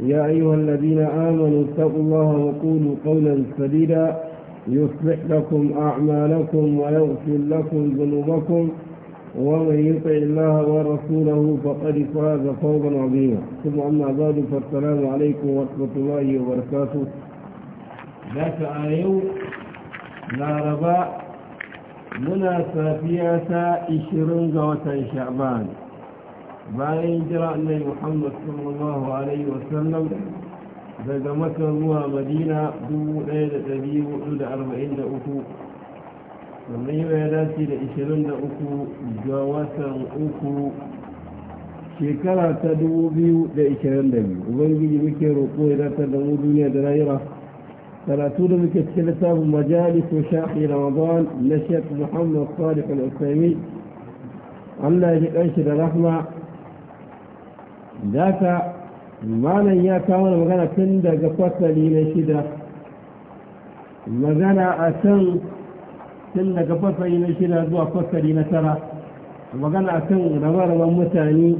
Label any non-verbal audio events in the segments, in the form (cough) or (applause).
يا أيها الذين آمنوا اتقوا الله وقولوا قولا سديدا يصلح لكم أعمالكم ويغفر لكم ذنوبكم ومن يطع الله ورسوله فقد فاز فوضا عظيما ثم أما بعد فالسلام عليكم ورحمة الله وبركاته ذات آيو لا رباء منا سافية إشرنجة وتنشعبان ما جرى أن محمد صلى الله عليه وسلم ذاك مكة موها مدينة دو ليلة تبيه عد أربعين أكو ثم يبعداتي لإشرين أكو جواسا أكو شكرا تدو بيو لإشرين أكو وبنجي مكر وقوه لا تدمو دنيا دنائرة فلا تود بك الثلاثة مجالس وشاقي رمضان نشأت محمد صالح الأسلامي الله يجب أنشد رحمه ka malam ya kawo da magana tun daga fasali na shida magana a kan tun daga fasali na shida zuwa fasali na tara magana a kan rabe-raben mutane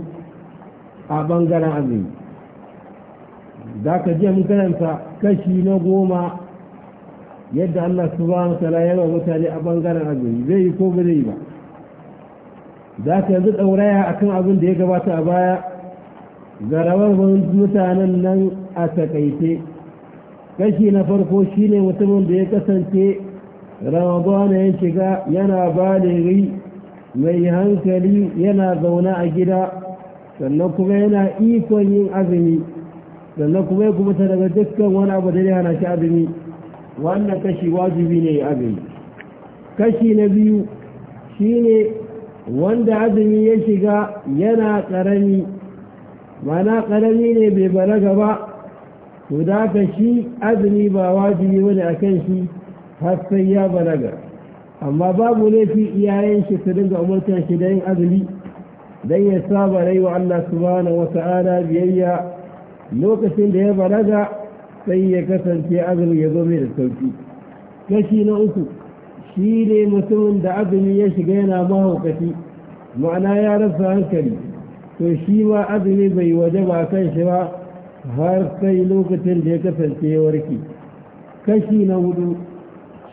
a ɓangaren azumi da ka ji karanta kashi na goma yadda Allah subhanahu wa ta'ala yawa mutane a ɓangaren azumi zai yi ko ba zai yi ba da ka yanzu ɗauraya akan abin da ya gabata a baya ga rawarwar mutanen nan a takaice kashi na farko shine mutumin da ya kasance ramadana ya shiga yana baligi mai hankali yana zaune a gida sannan kuma yana ikon yin azumi sannan kuma ya kuma daga dukkan wani abu da hana shi azumi wannan kashi wajibi ne azumi kashi na biyu shine wanda azumi ya shiga yana karami mana karami ne bai balaga ba to da ka shi azumi ba wajibi wani a kan shi har sai ya balaga amma babu laifi iyayen shi su dinga umartar shi da yin azumi don ya saba rai wa Allah subhanahu wata'ala biyayya lokacin da ya balaga sai ya kasance azumi ya zo mai da sauki kashi na uku shi ne mutumin da azumi ya shiga yana mahaukaci ma'ana ya rasa hankali to shi ma azumi bai waje ba kan shi ba har sai lokacin da ya kasance ya warke kashi na hudu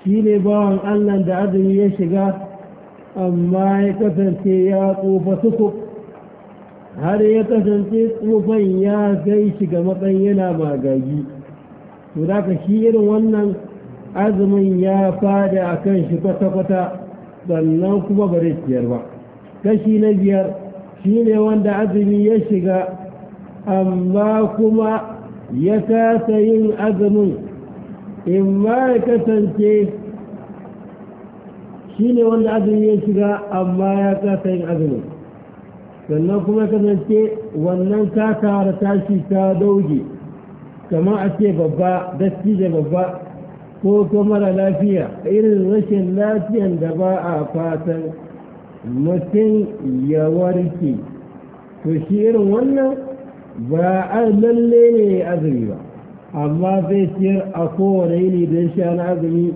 shi ne bawan allah da azumi ya shiga amma ya kasance ya tsufa suku har ya kasance tsufan ya gai shiga matsayin yana magagi to da ka shi irin wannan azumin ya fada a kan shi kwata-kwata sannan kuma ba ciyar ba kashi na biyar shi wanda azumi ya shiga amma kuma ya kasa yin azumin in ma ya kasance shi ne wanda azumi ya shiga amma ya kasa yin azumin sannan kuma kasance wannan ta tara tashi ta dauge kama a ce babba da babba ko kuma mara lafiya irin rashin lafiyan da ba a fatan mutum ya warke to shi irin wannan ba a lalle ne azumi ba amma zai ciyar a kowane yini don sha na azumi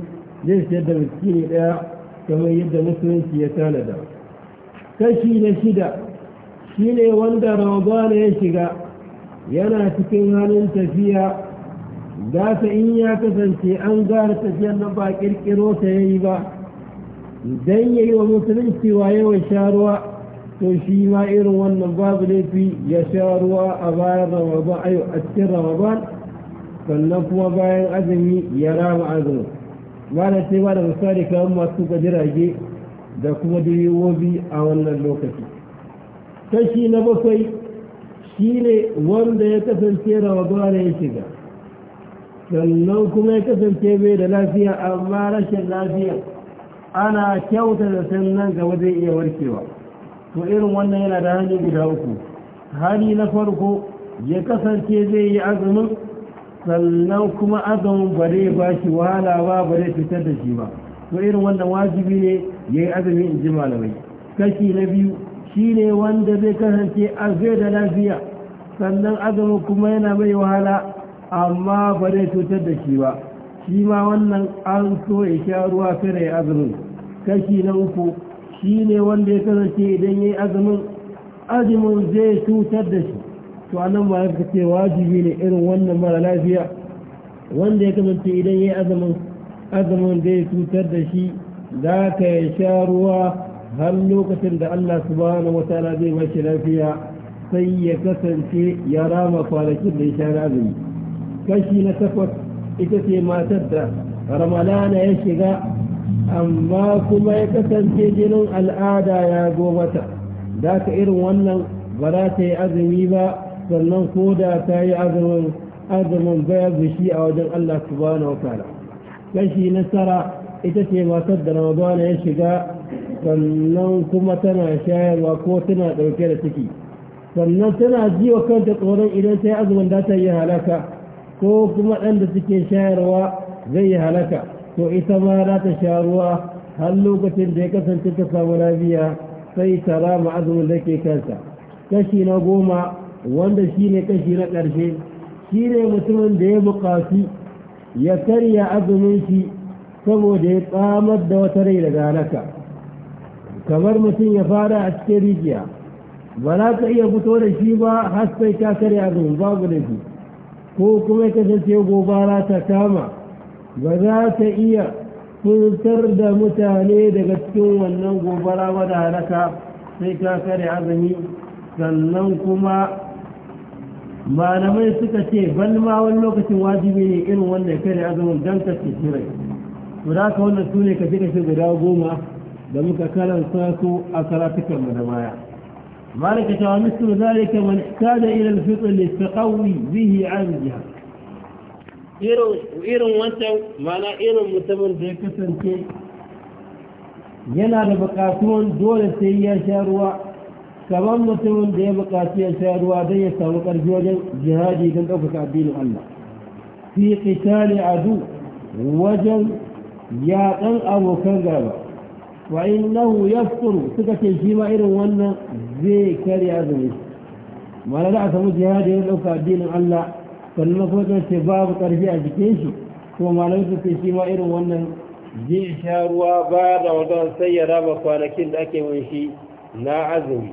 zai ciyar da miskini ɗaya kamar yadda musulunci ya tanada kashi na shida shi ne wanda ramadana ya shiga yana cikin halin tafiya za ta in ya kasance an gara tafiyar nan ba ƙirƙiro ta yayi ba dan yayi wa musulunci waye wa sharuwa to shi ma irin wannan babu laifi ya sharuwa a bayan ramadan ayo a cikin ramadan sannan kuma bayan azumi ya rama azumi ba da sai ba da misali kamar masu gajirage da kuma direbobi a wannan lokaci kashi na bakwai shine wanda ya kasance ramadan ya shiga sannan kuma ya kasance bai da lafiya amma rashin lafiya ana kyauta da nan gaba zai iya warkewa to irin wannan yana da hanyar guda uku hali na farko ya kasance zai yi azumin sannan kuma azumin ba zai ba shi wahala ba ba zai fitar da shi ba to irin wannan wajibi ne ya yi azumi in ji malamai kashi na biyu shi ne wanda zai kasance azai da lafiya sannan azumin kuma yana mai wahala amma ba zai cutar da shi ba shi ma wannan an so ya sha ruwa kada ya azumin kashi na uku shi ne wanda ya kasance idan ya yi azumin azumin zai cutar da shi to anan ba ya kace wajibi ne irin wannan mara lafiya wanda ya kasance idan ya yi azumin azumin zai cutar da shi za ka ya sha ruwa har lokacin da Allah subhanahu wa ta'ala zai mashi lafiya sai ya kasance ya rama kwanakin da ya sha na azumi kashi na takwas ita ce matar da ramalana ya shiga amma kuma ya kasance jinin al'ada ya zo mata za ka irin wannan ba za ta yi azumi ba sannan ko da ta yi azumin azumin bayar da shi a wajen Allah subhanahu wataala kashi na tara ita ce matar da ramadana ya shiga sannan kuma tana shayarwa ko tana ɗauke da ciki sannan tana ji wa kanta tsoron idan ta yi azumin da ta yi halaka ko kuma ɗan da suke shayarwa zai yi halaka to ita ma za ta sha ruwa har lokacin da ya kasance ta samu lafiya sai ta rama azumin da ke kansa kashi na goma wanda shi ne kashi na ƙarshe shi ne mutumin da ya buƙaci ya karya azumin shi saboda ya tsamar da wata rai daga halaka kamar mutum ya fara a cikin rijiya ba za ka iya fito da shi ba har sai ka karya azumin babu laifi ko kuma ya kasance gobara ta kama ba za ta iya kuntar da mutane daga cikin wannan gobara wadda halaka sai ka kare azumi sannan kuma malamai suka ce ban ma wani lokacin wajibi ne irin wanda ya kare azumin don ka ce shirai to da ka wannan su ne ka fi kashe guda goma da muka karanta su a karatukan mu da baya malaka ta wa mislu zalika man ihtada ila al-fitr li taqawi bihi an jihah irin wancan mana irin mutumin da ya kasance yana da bukatuwan dole sai ya sha ruwa kamar mutumin da ya bukatu ya sha ruwa don ya samu ƙarfi wajen jihadi don ɗaukaka addinin Allah fi a adu wajen yaƙan abokan gaba wa innahu yafkuru suka ce shi ma irin wannan zai karya zai mana da a samu jihadi don ɗaukaka addinin Allah wani makotan ce babu ƙarfi a jikin shi kuma malam su ce shi ma irin wannan zai sha ruwa ba da wajen sai ya raba kwanakin da ake mun shi na azumi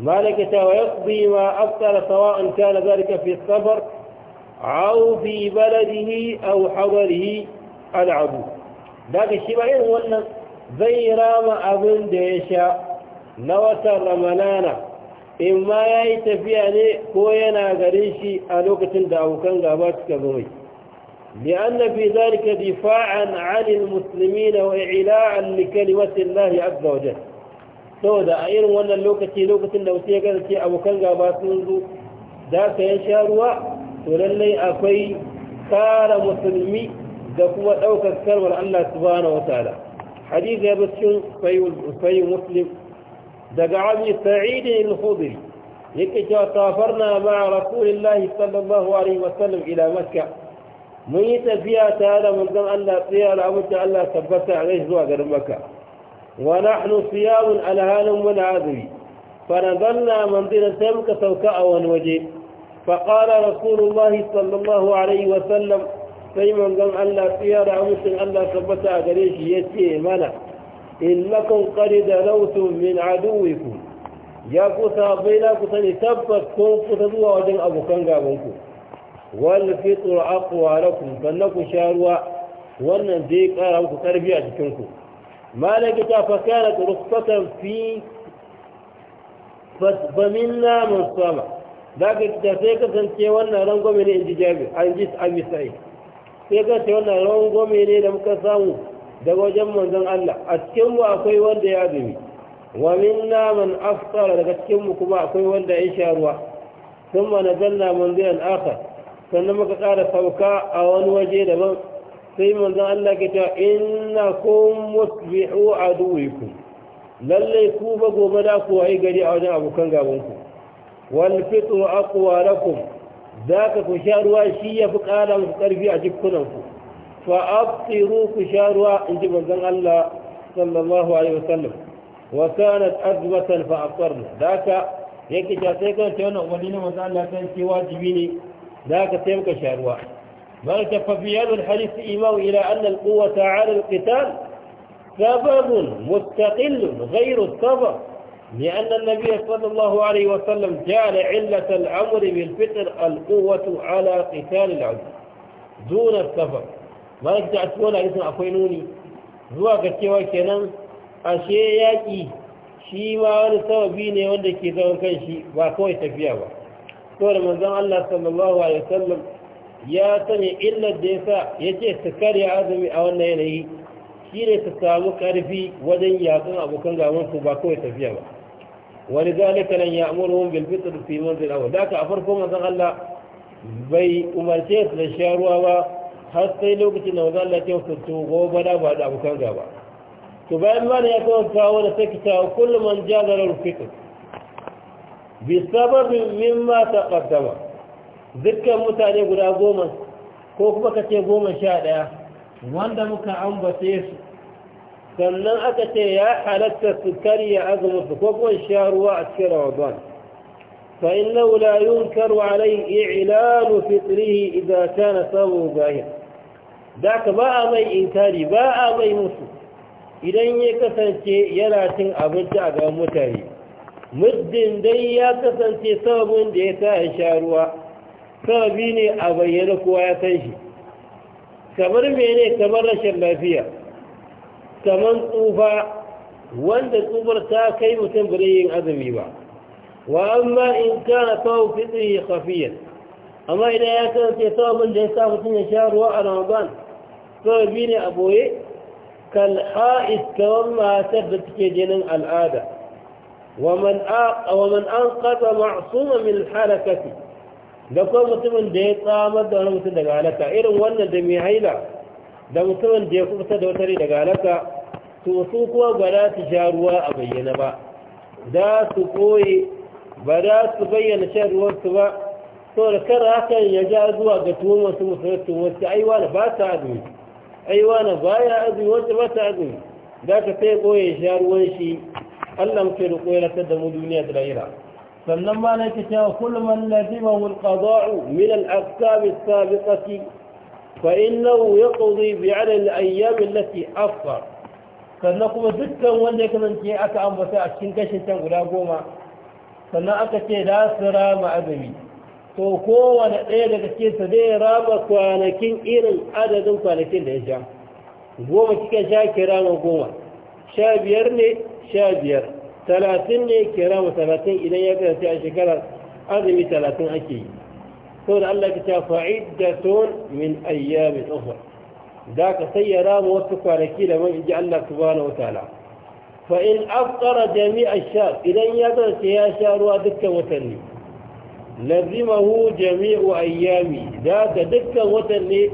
malaka ta wa yaqdi ma aftara sawa'an kana zalika fi safar aw fi baladihi aw hadarihi al'abu daga shi ma irin wannan zai rama abin da ya sha na watan ramadana in ma ya yi tafiya ne ko yana garin shi a lokacin da abokan gaba suka zo mai li'anna fi zalika difa'an 'anil muslimina wa ila'an li kalimati Allah azza wa saboda a irin wannan lokaci lokacin da wasu ya gaza abokan gaba sun zo za ka yi sha ruwa to lallai akwai kara musulmi da kuma ɗaukar karwar Allah subhanahu wa ta'ala hadisi ya bi cikin sayyid muslim daga abi sa'id al-khudri yake cewa safarna ma rasulillahi sallallahu alaihi wasallam ila makka mun yi tafiya tare da manzon Allah tsaya da abinci Allah tabbata a gaishe zuwa garin makka wa nahnu siyamun alhalin mun azumi fa nazalna manzilan sai muka sauka a wani waje فقال رسول الله صلى الله عليه sai manzon Allah tsira da amincin Allah tabbata a gare shi ya ce mana innakum qad dalawtum min aduwikum ya ku sahabbai na ku sani tabbas kun kusa zuwa wajen abokan gabanku wal fitru aqwa lakum sannan ku sha ruwa wannan zai kara muku karfi a jikinku malaka ta fakara rukfatan fi faminna mun sama za ka ta sai ka kasance wannan rangwame ne in ji jabi an ji abi sai sai kasance wannan rangwame ne da muka samu da wajen manzon Allah a cikin mu akwai wanda ya zumi wa minna man daga cikin mu kuma akwai wanda ya sha ruwa thumma nazalna manzilan aka sannan muka ƙara sauka a wani waje daban sai manzon Allah ke cewa innakum musbihu aduwikum lalle ku ba gobe da ku ai gari a wajen abokan gaban ku wal fitru aqwa lakum zaka ku sha ruwa shi fi ƙara muku ƙarfi a jikunan فأبصروا في شارها انجب الزن الله صلى الله عليه وسلم وكانت أذبة فأبصرنا ذاك يكي شاسيكا شونا أمدين وزان لكن في واجبيني ذاك تيمك شارها بلت ففي هذا الحديث إيمان إلى أن القوة على القتال سبب مستقل غير السبب لأن النبي صلى الله عليه وسلم جعل علة الأمر بالفطر القوة على قتال العدو دون السفر ba ta a cikin wani alisun akwai nuni zuwa ga cewa kenan ashe yaƙi shi ma wani sababi ne wanda ke zaman shi ba kawai tafiya ba da manzan Allah sallallahu alaihi wasallam ya sanya illar da ya ce su karya azumi a wannan yanayi shine su samu karfi wajen yaƙin abokan gaban su ba kawai tafiya ba wani zalika lan ya'muruhum bil fitr fi manzil awal da ka a farko manzan Allah bai umarce su da ruwa ba har sai lokacin da wanzu Allah ya fito gobe da ba da abokan gaba to bayan mana ya kawo kawo da sai kitawa kullum man jazara rufiq bi sababin ta taqaddama dukkan mutane guda goma ko kuma ka ce goma sha daya wanda muka ambace su sannan aka ce ya halatta su karya azumin su ko kuma sha ruwa a cikin ramadan فإنه لا ينكر عليه إعلان فطره إذا كان samu ظاهر da ka ba a mai inkari ba a mai musu idan ya kasance yana cin abinci a gaban mutane muddin dai ya kasance sababin da ya sa ya sha ruwa sababi ne a bayyana kowa ya san shi kamar mene kamar rashin lafiya kamar tsufa wanda tsufar ta kai mutum bare yin azumi ba wa amma in kana sawu fitri kafiyar amma idan ya kasance sababin da ya sa mutum ya sha ruwa a ramadan kawai biyu ne a boye kal ha'is kamar matar da take jinin al'ada wa man an kasa ma'asuma min harakati da kuma mutumin da ya tsamar da wani mutum daga halaka irin wannan da mai haila da mutumin da ya kusa da wata daga halaka to su kuwa ba za su sha ruwa a bayyana ba za su koye ba za su bayyana shan ruwansu ba saboda kar hakan ya ja zuwa ga tuhumar su musulunci wasu aiwa da ba ta azumi Aiwana ba ya azumi wacce ba ta azumi za ka sai goye sha ruwan shi allah muke da koyar da mu duniya da lahira sannan ba na ke cewa kulman lazima wal qada'u min al aqtab as sabiqati fa ya yaqdi bi ala al ayyam allati sannan kuma dukkan wanda ya kasance aka ambata a cikin gashin can guda goma sannan aka ce da su rama azumi Ko kowane ɗaya daga cikinsa zai raba kwanakin irin adadin kwanakin da ya sha goma cikin sha kira goma sha biyar ne sha biyar talatin ne kira ma talatin idan ya kasance a shekarar azumi talatin ake yi to da Allah ta fa'iddatun min ayyamin ukhra da ka sayyara mu wasu kwanaki da man inji Allah wata ala? fa in afqara jami'a sha idan ya kasance ya sha ruwa dukkan watanni lazimahu jami'u ayyami da ka dukkan watan ne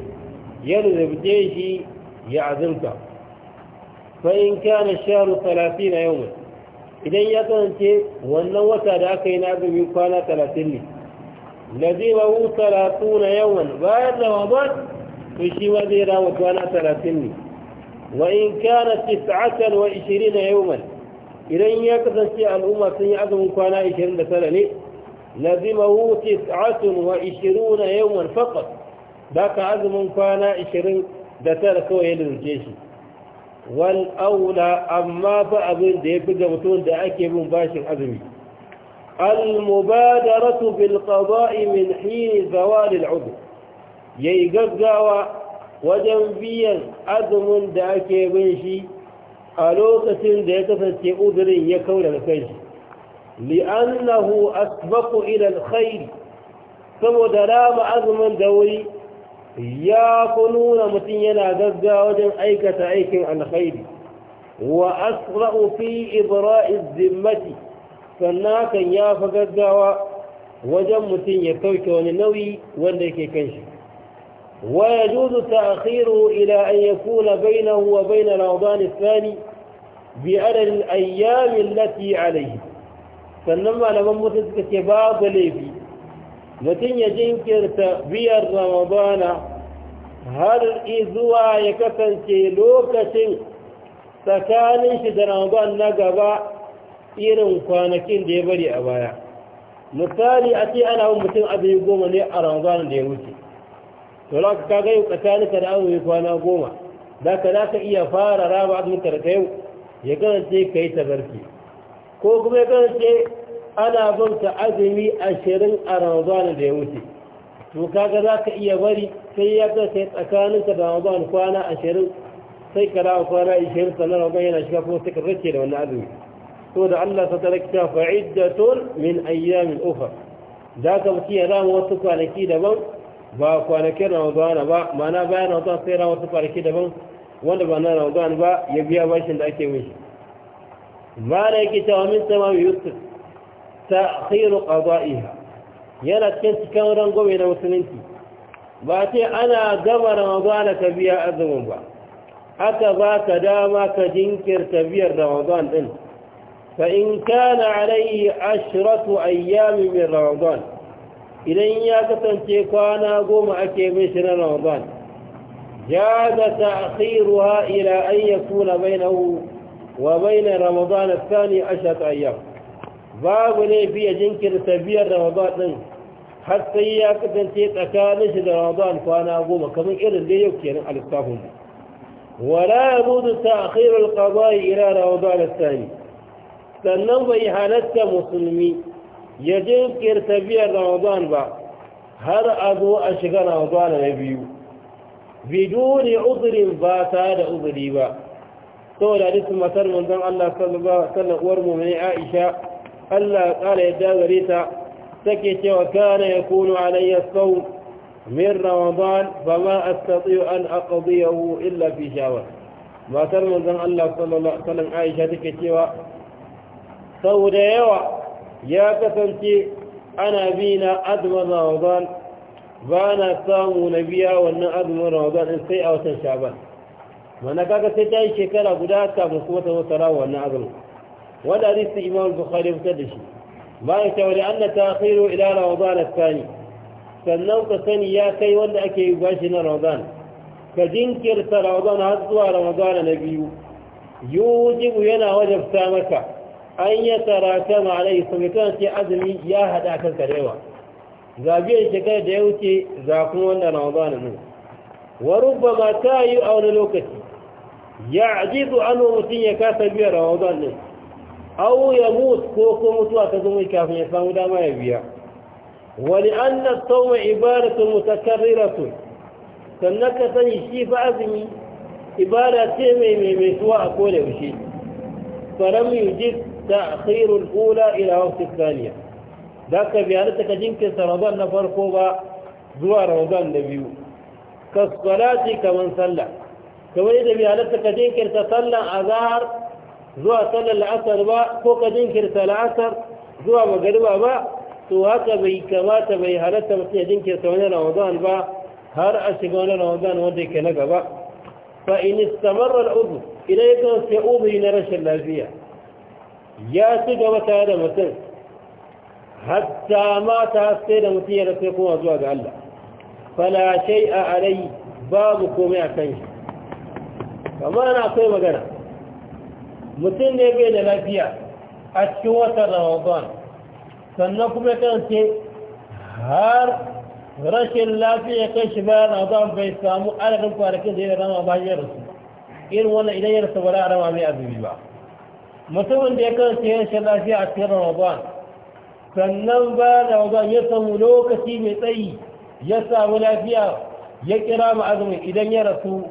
ya lulubce shi ya Fa in kana sharu 30 na yau idan ya kasance wannan wata da aka yi na azumi kwana 30 ne lazimahu 30 na yau da ramadan to shi ma zai rawa kwana 30 ne Wa in kana 29 yau idan ya kasance al'umma sun yi azumin kwana 29 ne لزمه تسعة وعشرون يوما فقط ذاك عزم كان عشرين دتار كوي للجيش والأولى أما فأبن دي بجمتون دا أكي من باشر عزمي المبادرة بالقضاء من حين زوال العذر يقضى وجنبيا عزم دا أكي من شي a lokacin da ya kasance uzurin ya kaura da kai shi li'annahu asbaqu ila alkhair saboda rama azumin da wuri ya ku nuna mutum yana gaggawa wajen aikata aikin alkhairi wa asra'u fi ibra'i zimmati sannan kan ya fi gaggawa wajen mutum ya sauke wani nauyi wanda yake kan shi wa yajuzu ta'khiruhu ila an yakuna bainahu wa bain ramadan athani bi adad al-ayyam allati alayhi sannan malaman musu suka ce babu laifi mutum ya jinkirta biyar ramadana har izuwa ya kasance lokacin tsakanin shi da ramadan na gaba irin kwanakin da ya bari a baya misali a ce ana wani mutum yi goma ne a ramadan da ya wuce to za ka kaga tsakanin ka da azumi kwana goma za ka za ka iya fara raba azumin ka yau ya kasance ka yi tabarki ko kuma ya ce ana bauta azumi ashirin a ramadan da ya wuce to kaga za ka iya bari sai ya kasance tsakaninka da ramadan kwana ashirin sai ka dawo kwana ashirin sannan ramadan yana shiga kuma sai ka rake da wani azumi to da allah ta tarakta fa'iddatun min ayyamin ukhra za ka mutu ya rama wasu kwanaki daban ba kwanakin ramadan ba mana bayan ramadana sai wasu kwanaki daban wanda ba na ramadan ba ya biya bashin da ake mishi mala yake cewa min sama yusuf ta khiru qada'iha yana cikin cikin rangwame na musulunci ba ce ana gama ramadana ka biya azumin ba aka ba ka dama ka jinkirta biyar ramadan din fa in kana alayhi ashratu ayyamin min ramadan idan ya kasance kwana goma ake bin shi na ramadan jaza ta'khiruha ila an yakuna bainahu wa bayna ramadan athani ashata ayyam babu ne fiye jinkirta biyar ramadan din har sai ya kasance tsakanin shi da ramadan kwana goma kamar irin da yau kenan alistafin wala yabudu ta'khir al-qada'i ila ramadan athani sannan bai halatta musulmi ya jinkirta biyar ramadan ba har a zo a shiga ramadan na biyu biduni uzurin ba tare da uzuri ba saboda hadisin matar manzon Allah sallallahu alaihi wasallam uwar mu'mini Aisha Allah kala yadda gare ta take cewa kana yakunu alayya sau min ramadan fama astati'u an aqdiyahu illa fi shawwal matar manzon Allah sallallahu alaihi wasallam Aisha take cewa sau da yawa ya kasance ana bi na azumin ramadan ba na samu na biya wannan azumin ramadan sai a watan shaban mana kaga sai ta yi shekara guda kafin kuma wata wata rawa wannan azumin wanda su imam bukhari ya fitar da shi bayan ta wani an na ta khairu ila ramadan tsani sannan ka sani ya kai wanda ake yi bashi na ramadan ka jinkirta ramadan har zuwa ramadan na biyu yujibu yana wajabta maka an ya tarata ma alai kan ce azumi ya hada kan karewa zabiyar shekara da ya wuce za kuma wannan ramadan ne wa ma ta yi a wani lokaci ya ajizu an mutum ya kasa biya ramadan ne. aw ya mut ko ko mutuwa ta zama kafin ya samu dama ya biya wani an na sauma ibaratun mutakarriratun sannan ka sani shi fa azumi ibada ce mai maimaituwa a koda yaushe faram yujid ta khairul ula ila waqti thaniya da ka biya da ka jinkirta ramadan na farko ba zuwa ramadan na biyu kasalati kamar sallah kamar da bai halarta ka jinkirta sallan azahar zuwa sallan la'asar ba ko ka jinkirta la'asar zuwa magariba ba to haka bai kamata bai halatta mutum ya jinkirta wani ramadan ba har a shiga wani ramadan wanda ke na gaba fa in istamarra al'udu idan ya kan sai udu na rashin lafiya ya ci gaba tare da mutum hatta mata sai da mutum ya rasa kuma zuwa ga Allah fala shay'a alai babu komai a kan shi kamar na akwai magana mutum ne bai da lafiya a cikin watan ramadan sannan kuma kan ce har rashin lafiya kai shi bayan ramadan bai samu adadin kwanakin da ya rama bayan ya rasu irin wannan idan ya rasu ba za a rama mai azumi ba mutumin da ya kan ce rashin lafiya a cikin ramadan sannan da ramadan ya samu lokaci mai tsayi ya samu lafiya ya kira mu azumin idan ya rasu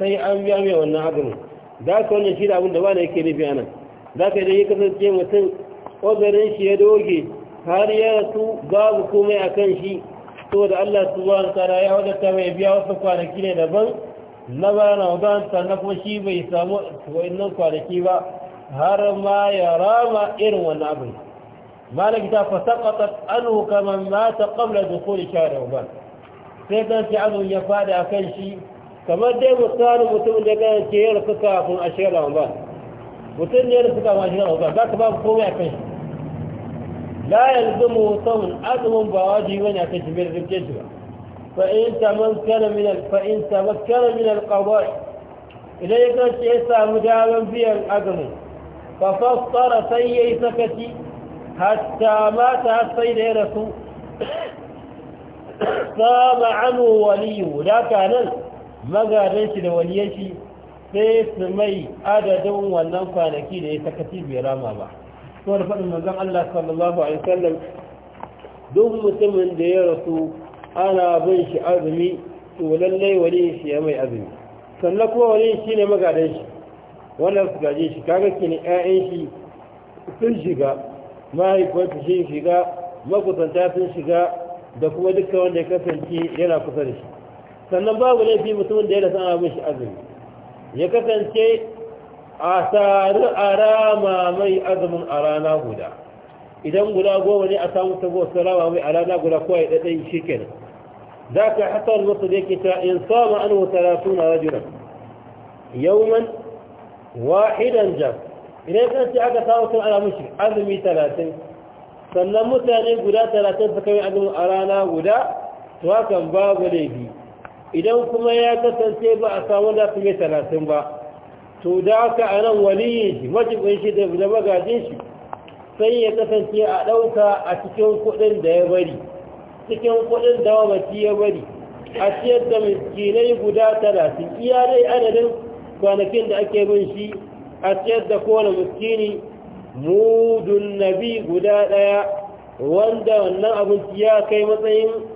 sai an biya mai wannan abin za ka wannan shi da abin da ba na yake nufi anan za ka idan ya kasance mutum ƙogarin shi ya doge har ya rasu babu komai a kan shi saboda Allah subhanahu tara ya wadata mai biya wasu kwanaki ne daban na na Ramadan sannan kuma shi bai samu wa'annan kwanaki ba har ma ya rama irin wannan abin malaki ta fasaqatat anhu kaman mata qabla sha da Ramadan sai dan shi azun ya fada kan shi kamar dai misali mutum da ga ce yin suka kun a shirin ba mutum ne da suka a shirin ba za ka ba komai a kan shi la yanzu mu samun azumin ba wajibi wani a kan shi bai rike shi ba fa'in tamakkana min al ta tamakkana min al-qada'i idan ya kace ya samu daman biyan azumin fa fassara sai yi sakati hatta mata har sai da ya rasu (coughs) saba anhu waliyu da nan. magadan shi da waliyan shi sai su mai adadin wannan kwanaki da ya sakaci bai rama ba to da faɗin manzon Allah sallallahu alaihi wasallam duk mutumin da ya rasu ana bin shi azumi to lallai wani shi ya mai azumi sannan kuma wani shi ne magadan shi wannan su gaje shi kaga kini ƴaƴan shi sun shiga mahaifinsu sun shiga makusanta sun shiga da kuma duka wanda ya kasance yana kusa da shi sannan babu laifi mutumin da ya lasa ana mishi azumi ya kasance a tsari a rama mai azumin a rana guda idan guda goma ne a samu tabo su rama mai a rana guda kawai ɗaɗɗai shi kenan za ka hatar masu da yake ta in sama an wuta rasu na Yau man wahidan jam idan ya kasance aka samu tun ana mishi azumi talatin sannan mutane guda talatin suka yi azumin a rana guda to hakan babu laifi idan kuma ya kasance ba a samu da su talatin ba to da aka a nan waliyin shi majibin shi da magajin shi sai ya kasance a ɗauka a cikin kuɗin da ya bari cikin kuɗin da mamaci ya bari a ciyar da miskinai guda talatin iya dai adadin kwanakin da ake bin shi a ciyar da kowane miskini mudun nabi guda ɗaya wanda wannan abinci ya kai matsayin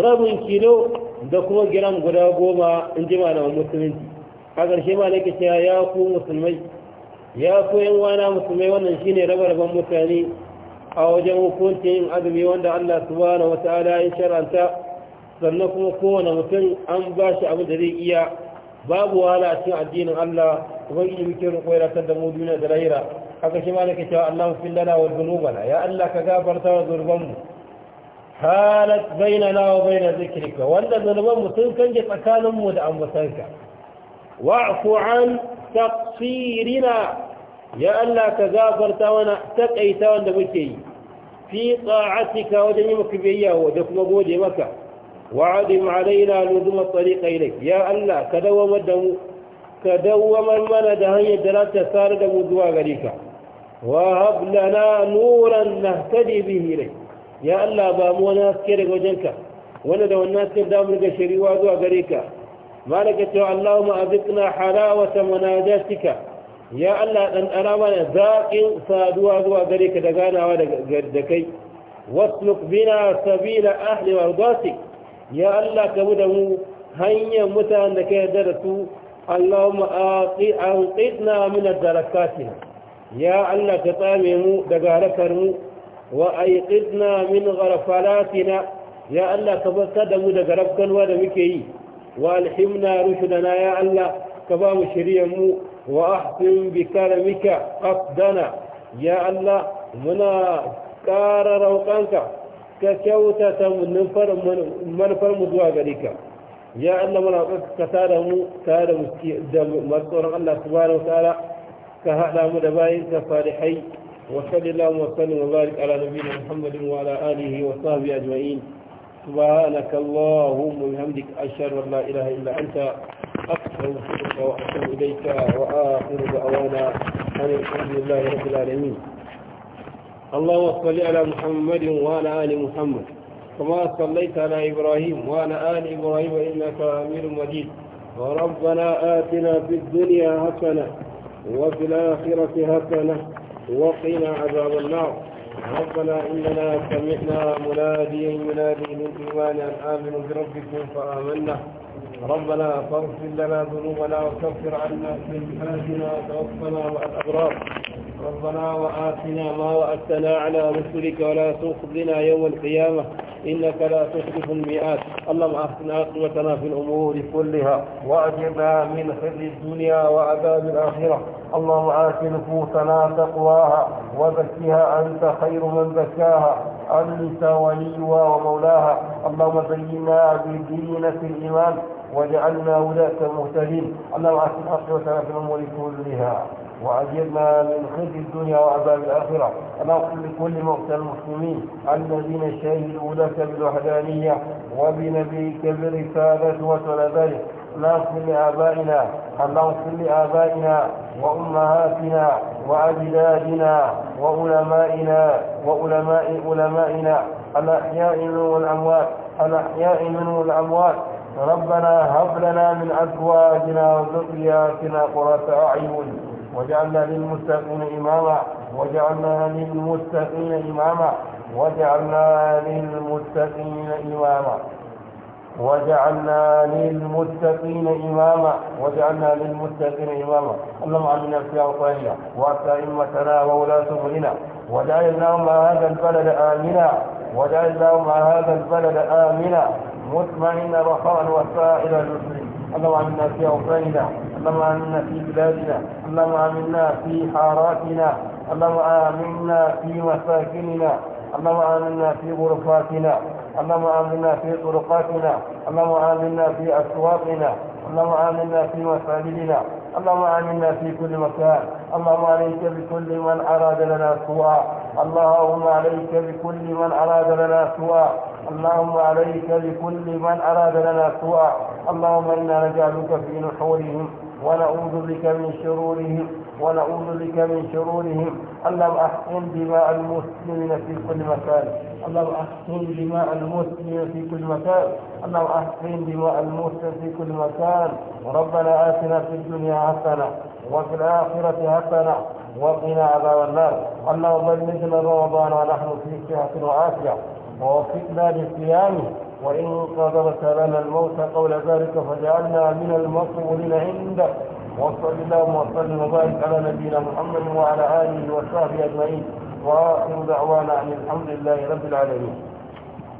rabin kilo da kuma gram guda goma in ji malaman musulunci a ƙarshe ma nake cewa ya ku musulmai ya ku yan wana musulmai wannan shine rabe-raben mutane a wajen hukuncin azumi wanda Allah subhanahu wata'ala ya sharanta sannan kuma kowane mutum an ba shi abu da zai iya babu wahala a cikin addinin Allah kuma yi muke ya da mu duniya da lahira a shi ma nake cewa Allah fi lana wa ya Allah ka gafarta wa zurbanmu halat bainana wa baina zikrika wanda zanuban mutum sun kange tsakanin mu da ambatanka wa'fu an taqsirina ya Allah ka gafarta wana takaita wanda muke yi fi ta'atika wajen yi maka biyayya da kuma gode maka wa'adim alaina luzuma tariqa ilayk ya Allah ka dawamar da mu ka dawamar mana da hanyar da za ta da mu zuwa gare ka wa hab lana nuran nahtadi bihi ilayk ya Allah ba mu wani haske daga wajenka wanda da wannan haske da mun ga shiriwa zuwa gare ka malaka cewa Allahumma azikna halawata munajatika ya Allah dan arama na zaƙin saduwa zuwa gare ka da ganawa da kai wasluk bina sabila ahli wardatik ya Allah ka mu da mu hanyar mutanen da ka yarda da su Allahumma anqidna min ad-darakatina ya Allah ka tsame mu daga halakar mu wa'aikidna min gharfalatina ya Allah ka basa da mu daga rafganwa da muke yi wa alhimna rushudana ya Allah ka ba mu shiryanmu wa ahsin bi karamika qaddana ya Allah muna ƙara rauƙanka ka kyauta ta manufar mu zuwa gare ya Allah muna ka tada mu da matsoron Allah subhanahu wa ta'ala ka hada mu da bayin ka farihai وصل اللهم وسلم وبارك على نبينا محمد وعلى آله وصحبه أجمعين سبحانك اللهم وبحمدك أشهد أن لا إله إلا أنت أستغفرك وأتوب إليك وآخر دعوانا أن الحمد لله رب العالمين اللهم صل على محمد وعلى آل محمد كما صليت على إبراهيم وعلى آل إبراهيم إنك أمير مجيد وربنا آتنا في الدنيا حسنة وفي الآخرة حسنة وقنا عذاب النار ربنا إننا سمعنا مناديا ينادي إيمان أن آمنوا بربكم فآمنا ربنا فاغفر لنا ذنوبنا وكفر عنا سيئاتنا وتوفنا مع الأبرار ربنا وآتنا ما وعدتنا على رسلك ولا تخذنا يوم القيامة إنك لا تخلف المئات اللهم أحسن عاقبتنا في الأمور كلها وأجبنا من خذ الدنيا وعذاب الآخرة اللهم آت نفوسنا تقواها وزكها أنت خير من زكاها أنت وليها ومولاها اللهم زينا بدينة الإيمان واجعلنا ولاة مهتدين اللهم آت نفوسنا في الأمور كلها وأجرنا من خزي الدنيا وعذاب الآخرة أنا أقول لكل مؤتى المسلمين الذين شهدوا لك بالوحدانية وبنبيك بالرسالة وتولى ذلك لا اغفر لآبائنا اللهم اغفر لآبائنا وأمهاتنا وأجدادنا وعلمائنا وعلماء علمائنا الأحياء منهم والأموات الأحياء منهم والأموات ربنا هب لنا من أزواجنا وذرياتنا قرة أعين وجعلنا للمتقين إماما وجعلنا للمتقين إماما وجعلنا للمتقين إماما وجعلنا للمتقين إماما وجعلنا للمتقين إماما اللهم علمنا في أوطاننا وأئمتنا وولاة أمرنا وجعلناهم اللهم هذا البلد آمنا وجعلناهم اللهم هذا البلد آمنا مطمئنا رخاء وسائر المسلمين اللهم علمنا في أوطاننا اللهم آمنا في بلادنا اللهم آمنا في حاراتنا اللهم آمنا في مساكننا اللهم آمنا في غرفاتنا اللهم آمنا في طرقاتنا اللهم آمنا في أسواقنا اللهم آمنا في مساجدنا اللهم آمنا في كل مكان اللهم عليك بكل من أراد لنا سوءا اللهم عليك بكل من أراد لنا سوءا اللهم عليك بكل من أراد لنا سوءا اللهم إنا نجعلك في نحورهم ونعوذ بك من شرورهم ونعوذ بك من شرورهم اللهم احقن دماء المسلمين في كل مكان اللهم احقن دماء المسلمين في كل مكان اللهم احقن دماء المسلمين في كل مكان ربنا آتنا في الدنيا حسنة وفي الآخرة حسنة وقنا عذاب النار اللهم بلغنا رمضان ونحن في صحة وعافية ووفقنا لصيامه وإن قدرت لنا الموت قول ذلك فجعلنا من المقبولين عندك وصل اللهم وسلم وبارك على نبينا محمد وعلى آله وصحبه أجمعين وآخر دعوانا أن الحمد لله رب العالمين